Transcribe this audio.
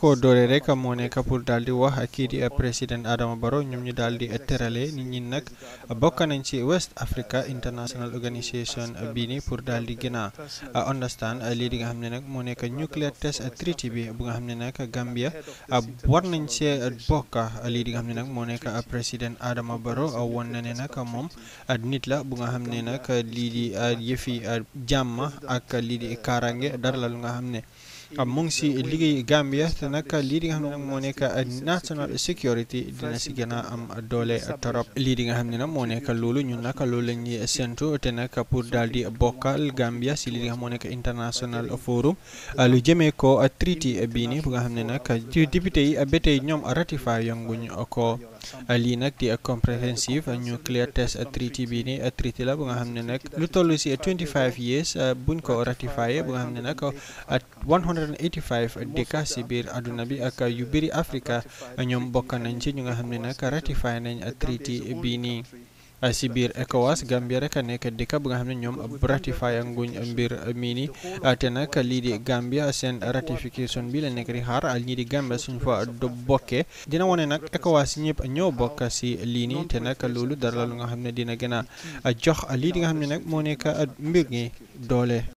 ko dooree rek moo nekk pour daal di wax kii di président Adama Barrow ñoom ñu daal di terale nit ñi nag bokk nañ ci West Africa International Organisation bii nii pour daal di gën a lii di nga xam ne nag moo nekk nuclear test treaty bi bu nga xam ne nag Gambia war nañ see bokk lii di nga xam ne nag moo nekk président Adama Barrow won na ne nag moom nit la bu nga xam ne nag lii di yëfi jàmm ak lii di kaaraange dara la nga xam ne. mu ngi si liggéey Gambia te nag lii di nga xam ne moo nekk national security dina si gën a am doole torop lii di nga xam ne nag moo nekk loolu ñun naka loolu la ñuy séntu te nag pour daal di bokkal Gambia si lii di nga xam moo nekk international forum lu jëmee ko treaty bii nii bu nga xam ne nag député yi ba tey ñoom ratify yanguñu ko lii nag di comprehensive nuclear test treaty bii nii treaty la bu nga xam ne nag lu toll si 25 years buñ ko ratify bu nga xam ne nag 185 dekasi bir adu nabi aka yubiri Afrika anyom bokananci nyunga hamnina ka ratify nan a treaty bini asibir ecowas gambia reka neke dika buga hamne nyom ratify anguny ambir mini atena gambia sen ratification bila nekri har al nyidi gambia sun fa do bokke dina wone nak ecowas nyep nyo bokka si lini tena kalulu darla lu nga hamne dina gena jox ali nga hamne nak dole